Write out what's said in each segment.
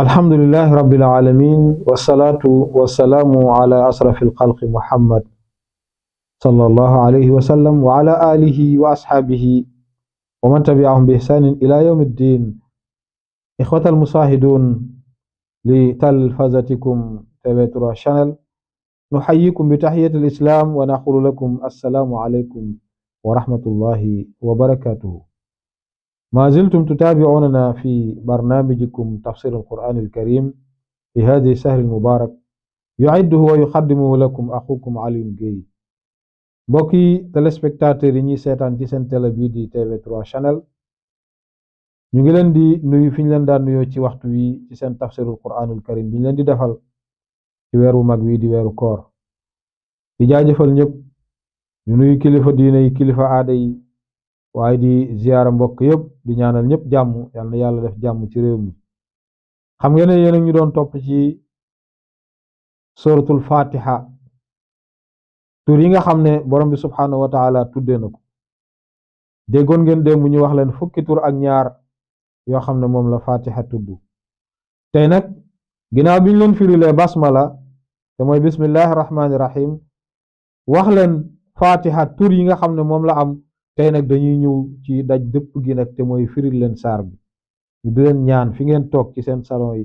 الحمد لله رب العالمين والصلاة والسلام على أشرف الخلق محمد صلى الله عليه وسلم وعلى آله وأصحابه ومن تبعهم بإحسان إلى يوم الدين إخوة المصاهدون لتلفزتكم تبعترا شانل نحييكم بتحية الإسلام ونقول لكم السلام عليكم ورحمة الله وبركاته ما زلتم تتابعوننا في برنامجكم تفسير القرآن الكريم في هذه السهر المبارك يعده ويقدمه لكم أخوكم علي جي بوكي تلسبكتاتي ريني سيتان تيسن تي في 3 شانل نيجي دي نيو فين لن دار نيو تي وقت وي تيسن تفسير القرآن الكريم بين لن دي دفل تي ويرو مك دي ويرو كور دي جاجفل نيب نيو كلفة ديني كلفة عادي waaye di ziyaara mbokk yëpp di ñaanal ñëpp jàmm yal yàlla def jàmm ci réew mi xam ngeen ne yéen ñu doon topp ci suratul fatiha tur yi nga xam ne borom bi subxanahu wa taala tuddee na ko déggoon ngeen démb ñu wax leen fukki tur ak ñaar yoo xam ne moom la fatiha tudd tey nag ginnaaw bi ñu leen firilee basmala te mooy bismillahi rahmaani rahim wax leen fatiha tur yi nga xam ne moom la am. tey nag dañuy ñëw ci daj dëpp gi nag te mooy firil leen saar bi ñu di leen ñaan fi ngeen toog ci seen salon yi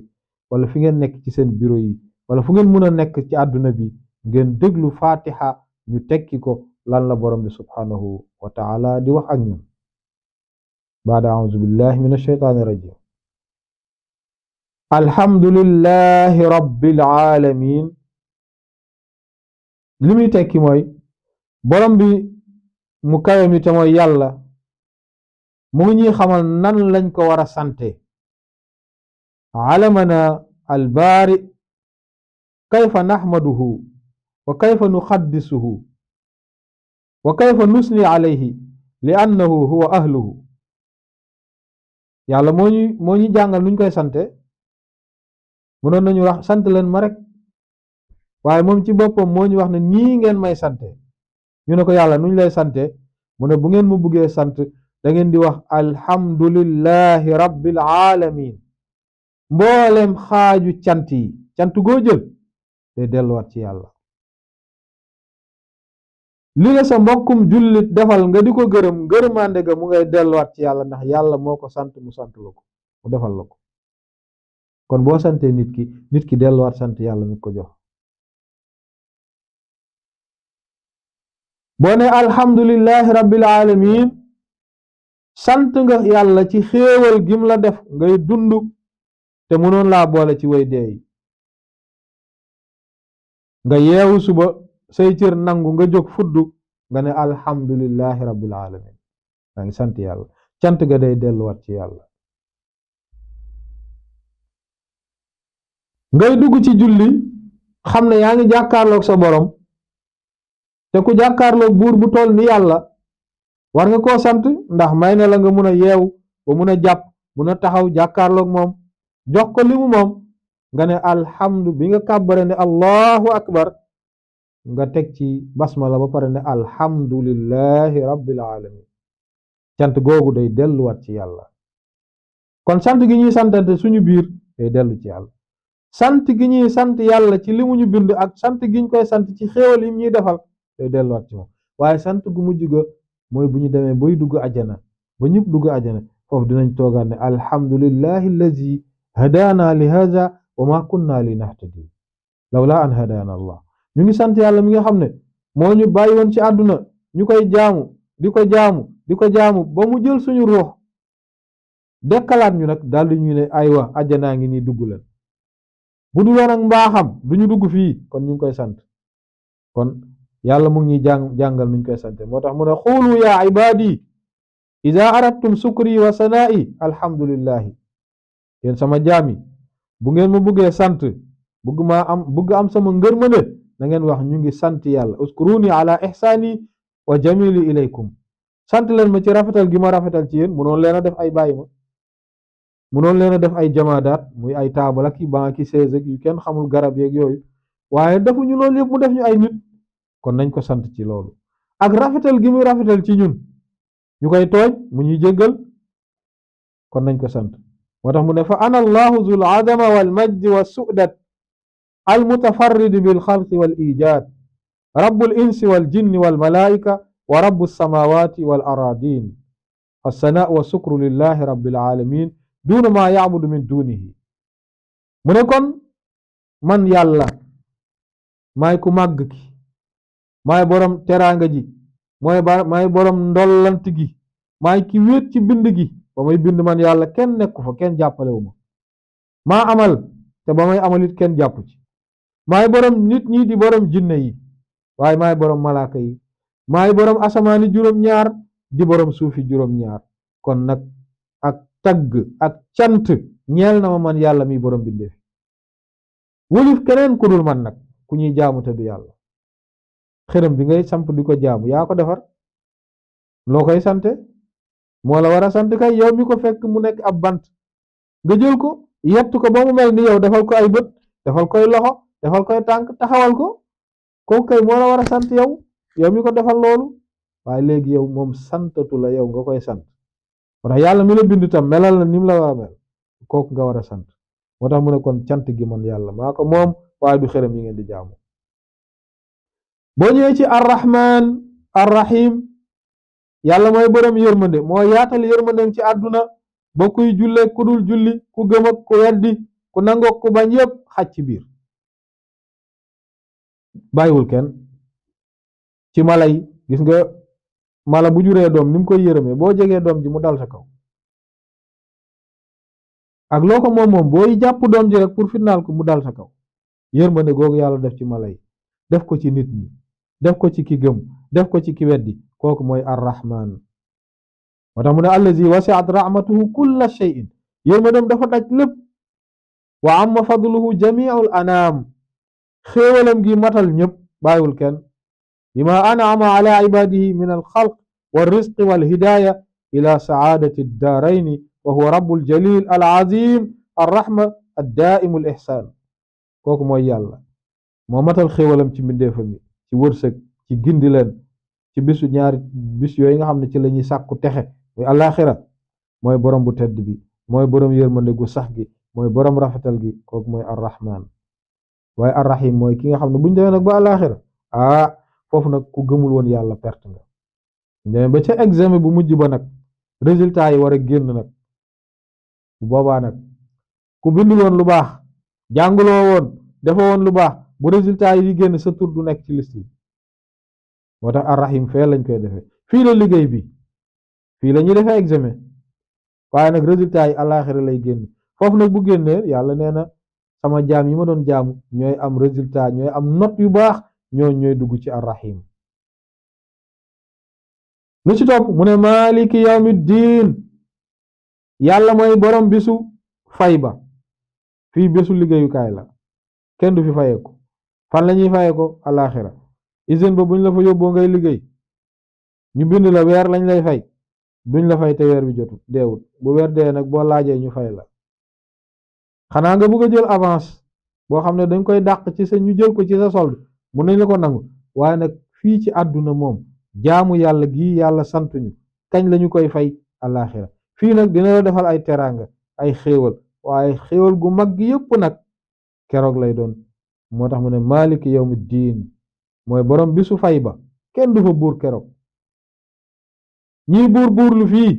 wala fi ngeen nekk ci seen bureau yi wala fu ngeen mën a nekk ci àdduna bi ngeen déglu fatiha ñu tekki ko lan la borom bi subhanahu wa di wax ak ñun baada auzu billahi min ashaytaani rajim alhamdulillahi rabbil alamin li muy tekki mooy borom bi mu kawe mi te moy yalla mu ñi xamal nan lañ ko wara santé sante alamana albari, kayfa nahmaduhu wa kayfa nuqaddisuhu wa kayfa nusni alayhi li annahu huwa ahluhu yalla moo ñu moo nuñ koy sante mënoon nañu wax sant leen ma rek waye mom ci bopam wax na ni ngeen may sante ñu ne ko yàlla nuñ lay sante mu ne bu ngeen mu buggee sant da ngeen di wax alhamdulillahi rabbil alamin mboolem xaaju cant yi cant goo jël day delluwaat ci yàlla li la sa mbokkum jullit defal nga di ko gërëm gërëmaande ga mu ngay delluwaat ci yàlla ndax yàlla moo ko sant mu sant la ko mu defal la ko kon boo sante nit ki nit ki delluwaat sant yàlla mi ko jox bone Alhamdulillah rabbil alamin sant nga yalla ci xewal gim la def ngay dundu te munon la bolé ci way dey nga yewu suba say ciir nangu nga jog fuddu nga ne alhamdulillahi rabbil alamin nga sant yalla cant ga day wat ci yalla ngay dugg ci julli xam yaangi yaa sa borom te ku jàkkaarloog bur bu toll ni yalla war nga ko sant ndax mayna la nga muna yew bu muna japp muna jàpp mun a taxaw jàkkaarloog jox ko limu mom nga ne alhamdu bi nga kabbare ne allahu akbar nga tek ci basmala ba pare ne alhamdulillahi rabbil alamin cant googu day wat ci yalla kon sant gi ñuy santante suñu biir day delu ci yalla sant gi ñuy sant yalla ci limu ñu bind ak sant gi koy sant ci xewal yi ñuy defal day delluwaat ci moom waye sant gu mujju ga moy buñu ñu boy duggu ajana ba ñëpp dugg ajana foofu dinañ toogaat ne alhamdulillahi allazi hadaana li hadha wa ma kunna li nahtadi lawla an hadaana allah ñu ngi sant yalla mi nga xam mo ñu bayyi won ci aduna ñukoy jaamu diko jaamu diko jaamu ba mu jël suñu roh dekkalat ñu nak dal ñu ne aywa aljana ngi ni duggu la budu won ak mbaxam duñu duggu fi kon ñu ngi koy sant kon yàlla mu ngi ñuy jàng jàngal nuñ koy sante moo tax mu ne xuulu yaa ibaadi ida arabtum sukri wa sanaa'i alhamdulillahi yéen sama jaami bu ngeen ma buggee sant bugg ma am bugg am sama ngërmande na ngeen wax ñu ngi sant yàlla uskuruni ala ihsaani wa jamili ilaykum sant leen ma ci rafetal gi ma rafetal ci yéen munoon leen a def ay bàyyi ma munoon leen a def ay jamaadaat muy ay taabal ak i banc ki chaise yu kenn xamul garab yeeg yooyu waaye defuñu loolu yëpp mu def kon nañ ko sant ci loolu ak rafetal gi muy rafetal ci ñun ñu koy tooñ mu ñuy jéggal kon nañ ko sant moo tax mu ne fa ana allahu zul adama wal majd wa sudat al mutafarrid bil khalq wal ijad rabbul insi wal jinni wal malaika wa rabbu samawati wal aradin fassanaa wa sukru lillahi rabbil alamin duuna maa yaabudu min dunihi mu ne kon man maay borom teraanga ji mooy ba maay borom ndollant gi maay ki wéet ci bind gi ba may bind man yàlla kenn nekku fa kenn jàppalewu maa amal te ba may amalit kenn jàpp ci maay borom nit ñi di borom jinne yi waaye maay borom malaaka yi maay borom asamaani juróom-ñaar di borom suufi juróom-ñaar kon nag ak tagg ak cant ñeel na ma man yàlla mi borom bindee fi wulif keneen ku dul man nag ku ñuy jaamu te du yàlla xërëm bi ngay samp di ko jaamu yaa ko defar loo koy sante moo la war a sant kay yow mi ko fekk mu nekk ab bant nga jël ko yett ko ba mu mel ni yow defal ko ay bët defal koy loxo defal koy tànk taxawal ko kooku kay moo la war a sant yow yow mi ko defal loolu waaye léegi yow moom santatu la yow nga koy sant moo yàlla mi la bind tam melal na ni mu la war mel kooku nga war a sant moo tax mu ne kon cant gi man yàlla maa ko moom waaye du xërëm yi ngeen di jaamu boo ñëwee ci arrahman arrahim yàlla mooy borom yërmande moo yaatal yërmandeem ci àdduna ba kuy julle ku dul julli ku gëm ak ku weddi ku nangook ku bañ yépp xaj ci biir bàyyiwul kenn ci mala yi gis nga mala bu juree doom nim koy yërëmee boo jegee doom ji mu dal sa kaw ak loo ko moom moom booy jàpp doom ji rek pour fitnaal ko mu dal sa kaw yërmande googu yàlla def ci mala yi def ko ci nit ñi def ko ci ki gëm def ko ci ki weddi koku moy arrahman moo tax mu allazi wasiat rahmatuhu shay'in yeuma dem dafa daj lépp wa amma fadluhu jamiul anam xewalam gi matal ñep bàyyiwul ken bima anama ala ibadihi min al alxalq والرزق والهداية إلى سعادة الدارين وهو رب الجليل العظيم الرحمة الدائم الإحسان كوكو موي يالا مو ماتال خيولم تي منديفامي ci wërsëg ci gindi leen ci bisu ñaari bis yooyu nga xam ne ci la ñuy sàkku texe muy alaxira mooy borom bu tedd bi mooy borom yërmande gu sax gi mooy borom rafetal gi kook mooy arrahman waaye arrahim mooy ki nga xam ne buñ demee nag ba alaxira ah foofu nag ku gëmul woon yàlla perte nga buñ ba ca examen bu mujj ba nag résultat yi war a génn nag bu boobaa nag ku bindul woon lu baax jànguloo woon defoo woon lu baax bu résultat yi génn sa tur du nekk ci liste yi moo tax arrahim fee lañ koy defee fii la liggéey bi fii lañuy defee examen waaye nag résultat yi àllaaxira lay génn foofu nag bu génnee yàlla nee na sama jaam yi ma doon jaamu ñooy am résultat ñooy am note yu baax ñoo ñooy dugg ci arrahim lu ci topp mu ne maaliki yawmi diin yàlla mooy borom bisu fay ba fii bésu liggéeyukaay la kenn du fi fayeeku fan la ñuy fayee ko alaxira usine ba ñu la fa yóbboo ngay liggéey ñu bind la weer lañ lay fay duñ la fay te weer bi jotu deewul bu weer dee nag boo laajee ñu fay la xanaa nga bëgg a jël avance boo xam ne dañ koy dàq ci sa ñu jël ko ci sa solde mun nañ la ko nangu waaye nag fii ci àdduna moom jaamu yàlla gii yàlla sant ñu kañ la koy fay alaxira fii nag dina la defal ay teraanga ay xéewal waaye xéewal gu mag gi yépp nag keroog lay doon moo tax mu ne maaliki yawmi diin mooy borom su fay ba kenn du fa buur keroog ñii buur buur lu fii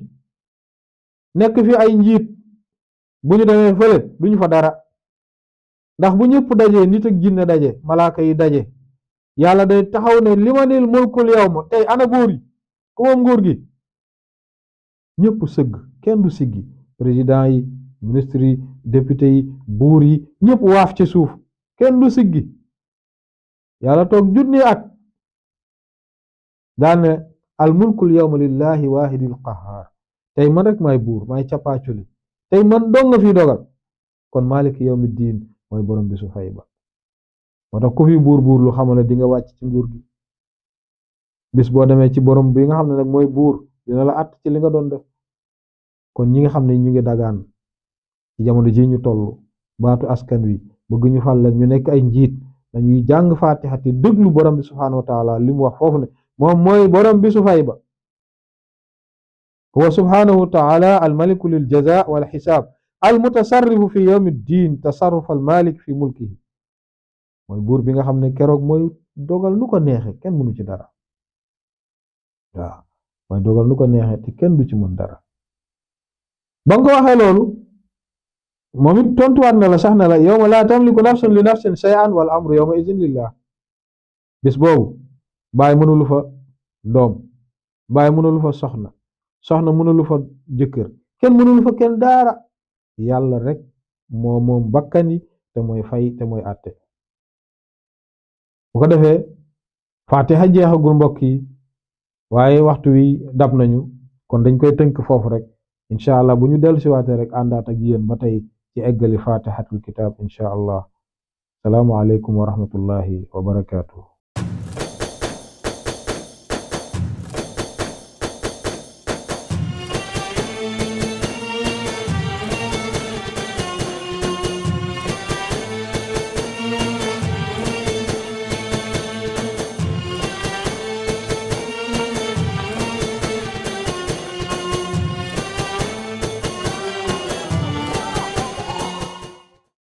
nekk fi ay njiit bu ñu demee fële duñu fa dara ndax bu ñëpp dajee nit ak jinne daje malaaka yi daje yàlla day taxaw ne li limanil mulkul yawma tey ana buur yi ku moom nguur gi ñëpp sëgg kenn du siggi président yi ministre yi député yi buur yi ñëpp waaf ci suuf kenn du siggi yalla tok jooni ak dan al al yawma lillahi wahidil qahhar tay man rek may bour may capaaculi tay man dong nga fi dogal kon malik yawmiddin moy borom bisu fayba wata ko fi bour bour lu xamale di nga wacc ci gi bis bo ci borom bi nga xam nak moy bour dina la att ci li nga don def kon ñi nga xam ne ñu ngi dagaan ci jamono ji ñu tollu baatu askan wi bëgg ñu fal leen ñu nekk ay njiit dañuy jàng fatiha te déglu borom bi subhaanahu wa taala li mu wax foofu ne moom mooy borom bi su fay ba huwa subhaanahu wa taala almaliku lil jaza wal xisaab almutasarrifu fi yowmi diin tasarruf almalik fi mulkihi mooy buur bi nga xam ne keroog mooy dogal nu ko neexe kenn mënu ci dara waaw mooy ko neexe kenn du ci mën dara ba nga loolu moom it tontuwaat na la sax na la yawma laa tamliku nafsun li nafsin shay'an wal amru yawma idhin lillah bis boobu baay mënulu fa doom baay mënulu fa soxna soxna mënulu fa jëkkër kenn mënulu fa kenn daara yàlla rek moo moom bakkan te mooy fay te mooy àtte bu ko defee fatiha jeexagul mbokk yi waaye waxtu wi dab nañu kon dañ koy tënk foofu rek incha allah bu ñu dellusiwaatee rek àndaat ak yéen ba tey تيأجل فاتحة الكتاب إن شاء الله السلام عليكم ورحمة الله وبركاته